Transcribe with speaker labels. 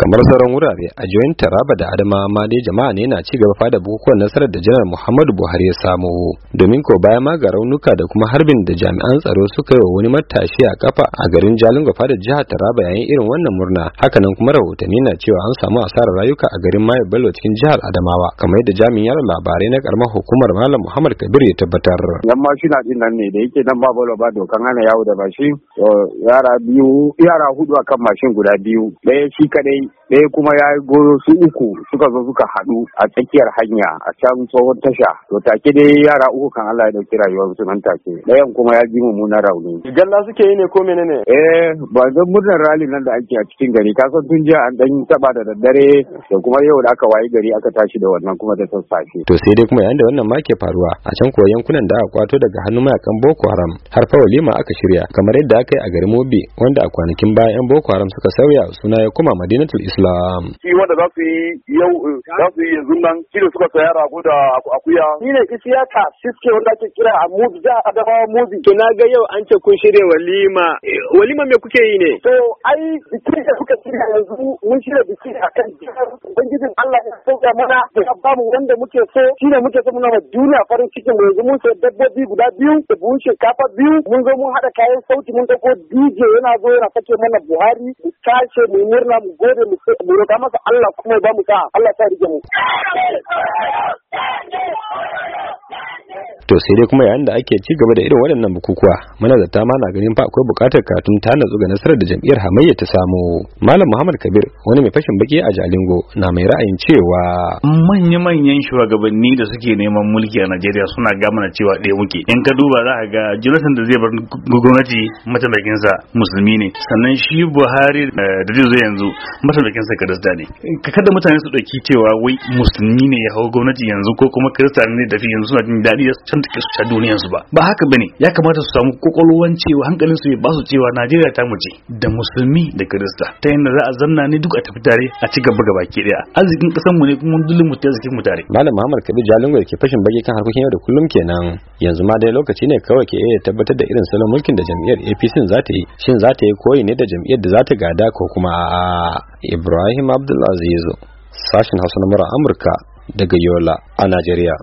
Speaker 1: kamar sauran wurare a Taraba da adama ma dai jama'a ne na ci gaba da bukukuwan nasarar da Janar Muhammadu Buhari ya samu domin ko baya ma ga raunuka da kuma harbin da jami'an tsaro suka yi wa wani matashi a kafa a garin Jalingo fadar jihar Taraba yayin irin wannan murna hakanan kuma rahotanni na cewa an samu asarar rayuka a garin Mayo Bello cikin jihar Adamawa kamar yadda jami'in yaran labarai na karamar hukumar Malam Muhammad Kabir ya tabbatar.
Speaker 2: Yan na jin nan ne da yake nan ba balo ba dokan hana yawo da mashin yara biyu yara hudu akan mashin guda biyu ɗaya shi kadai ɗaya kuma ya goyo su uku suka zo suka haɗu a tsakiyar hanya a can tsohon tasha to take dai yara uku uku kan Allah ya dauki rayuwar su nan take dayan kuma ya ji mummunan rauni galla suke yi ne ko menene eh ba ga murnar rally nan da ake a cikin gari ka san tun jiya an dan taba da daddare da kuma yau da aka wayi gari aka tashi da wannan kuma da sassafe
Speaker 1: to sai dai kuma yayin da wannan make faruwa a can kuwa yankunan da aka kwato daga hannun mayakan Boko Haram har fa walima aka shirya kamar yadda aka yi a garin Mobi wanda a kwanakin baya yan Boko Haram suka sauya suna ya koma Madinatul Islam
Speaker 3: shi wanda za su yi yau za su yi yanzu nan shi da suka saya rago da akuya shi ne siyasa shi suke wanda ake kira a mubi a adamawa mubi. To na ga yau an ce kun shirya walima. Eh, walima me kuke yi ne? To ai bikin da kuka shirya yanzu mun shirya biki a kan jihar Ubangijin Allah ya sauka mana da ba mu wanda muke so shi ne muke so muna ma duniya farin cikin yanzu mun sayar dabbobi guda biyu da buhun shinkafa biyu mun zo mun haɗa kayan sauti mun ɗauko DJ yana zo yana sake mana Buhari mu tashi mu murna mu gode mu roƙa masa Allah kuma ba mu sa Allah ta rike mu.
Speaker 1: to sai dai kuma yayin da ake ci gaba da irin waɗannan bukukuwa muna zata ma na ganin fa akwai buƙatar katun ta nazu ga nasarar da jam'iyyar hamayya ta samu malam muhammad kabir wani mai fashin baki a jalingo na mai ra'ayin cewa
Speaker 4: manya-manyan shugabanni da suke neman mulki a najeriya suna gamana cewa ɗaya muke in ka duba za ka ga jonathan da zai bar gwamnati mataimakinsa musulmi ne sannan shi buhari eh, da zai zo yanzu mataimakinsa kirista ne Ka kada mutane su ɗauki cewa wai musulmi ne ya hau gwamnati yanzu ko kuma kirista ne da fi yanzu suna jin daɗi cancanta su ta duniyar su ba ba haka bane ya kamata su samu kokolwan cewa hankalin su ya ba su cewa Najeriya ta mu da musulmi da Kirista ta yanda za a zanna ne duk a tafi tare a ci gaba gabaki daya arzikin kasan mu ne kuma dole mu ta arzikin mu tare
Speaker 1: Malam Muhammad Kabi Jalingo ke fashin bage kan harkokin yau da kullum kenan yanzu ma dai lokaci ne kawai ke iya tabbatar da irin salon mulkin da jami'ar APC za ta yi shin za ta yi koyi ne da jami'ar da za ta gada ko kuma Ibrahim Abdulaziz sashin Hausa na Amurka daga Yola a Najeriya